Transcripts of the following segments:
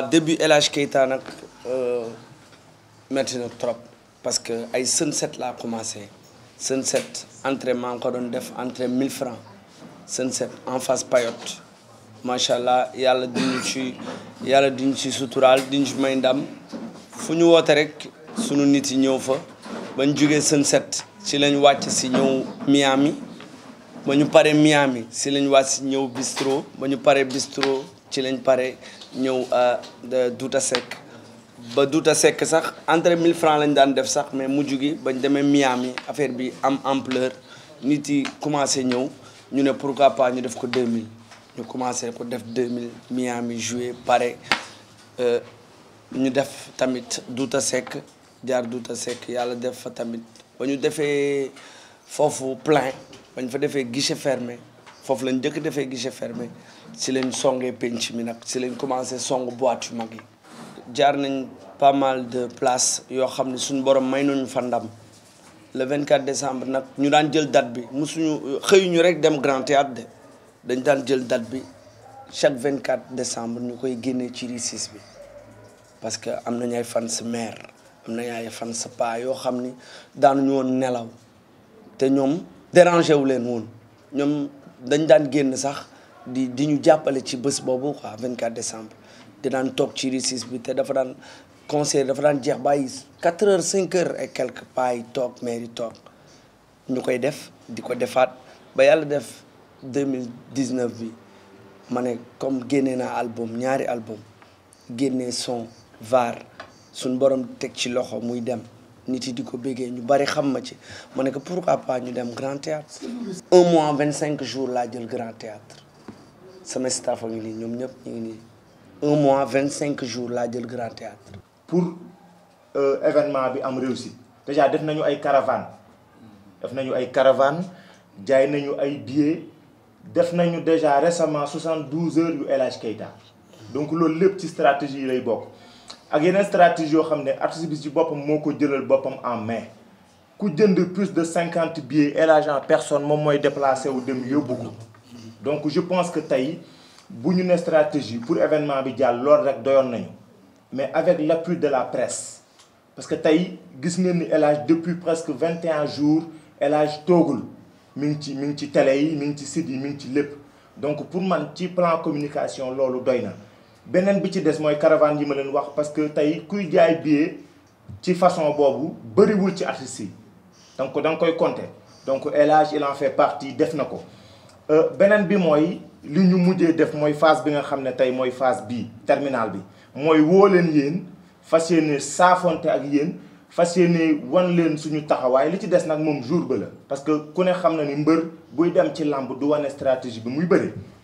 waaw début El Hadj Keita nag euh, metti na trop parce que ay sunset set commencé sunset set entrée maa ngi ko doon def entre 1000 francs sunset en face payotte machallah allah yàlla diñu ci yàlla diñu ci suturaal diñu ci may ndam fu ñu woote rek sunu nit yi ñëw fa bañ jógee sën set ci lañ wàcc si ñëw Miami ba ñu paree Miami si lañ wàcc si ñëw bistro ba ñu paree bistro ci lañ pare ñëw Douta sec ba Douta sec sax entre 1000 francs lañ daan def sax mais mujj gi bañ demee Miami affaire bi am ampleur nit yi commencé ñëw ñu ne pourquoi pas ñu def ko 2000 ñu commencé ko def 2000 Miami paré euh ñu def tamit Douta sec jaar Douta sec yalla def fa tamit ba ñu defee foofu plein bañ fa défé guichet fermé fof lañ jëk défé guichet fermé ci lañ songé pench mi nak ci lañ commencé song boîte yu mag jaar nañ pas mal de place yo xamni suñ borom may nañu fandam le 24 décembre nak ñu daan jël date bi musuñu xëyuñu rek dem grand théâtre de dañ daan jël date bi chaque 24 décembre ñu koy génnee ci RICIS bi parce que am nañ ay fans mère am nañ ay fans pa yo xamni ni ñu woon nelaw te ñoom dérangé wu leen woon ñom dañ daan génn sax di 24 décembre di daan toog ci récif bi te dafa daan dafa 4 heures 5 heures et quelque pas mais di def di defaat ba def 2019 bi comme naa album ñaari album génnee son var suñ borom teg ci loxo muy nous pourquoi pas grand théâtre un mois 25 jours là du grand théâtre un mois jours là grand théâtre pour euh, événement bi réussi déjà def nañu caravane Nous avons ay caravane nous nañu billets Nous avons déjà récemment 72 heures de LHK. donc c'est une stratégie il y stratégie une stratégie qui artiste bi ci boppam moo le bopam en main ku jënd plus de 50 billets et l'argent, personne ne mooy déplacé ou dem mieux beaucoup. donc je pense que si on a une stratégie pour événement bi jàll loolu rek nañu mais avec l'appui de la presse parce que tey gis ngeen ni depuis presque 21 jours élage toogul mi ngi ci mi ci télé yi mi ci site yi ci donc pour man ci plan communication loolu doy benen bi ci des moy caravane yi ma len wax parce que tay kuy jaay billet ci façon boobu bëriwul ci artiste yi donc dang koy compter donc El il en fait partie def nako euh benen bi moy li ñu mujjé def moy phase bi nga xamné tay moy phase bi terminal bi moy wo len yeen fas yéene saafonte ak yeen fas yéene wan leen suñu taxaway li ci des nak mom jour ba la parce que ku ne xam ni mbeur buy dem ci lamb du stratégie bi muy bëri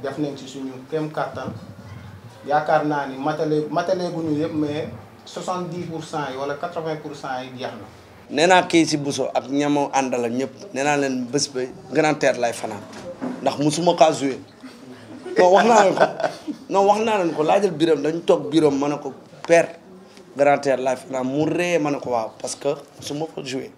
def nañ ci suñu kéem kàttan yaakaar naa ni matale mataleeguñu yëpp mais 70 pour cent yi wala 80 pour cent yi jeex na. nee naa kii si buso ak ñamo àndala ñëpp nee naa leen bës ba grand terre lay fanaan ndax musuma kaa joué non wax naa leen ko wax naa ko laajal biram dañu toog biram ma ne ko père grand terre lay fanaan mu ree ma ne ko waaw parce que musuma ko joué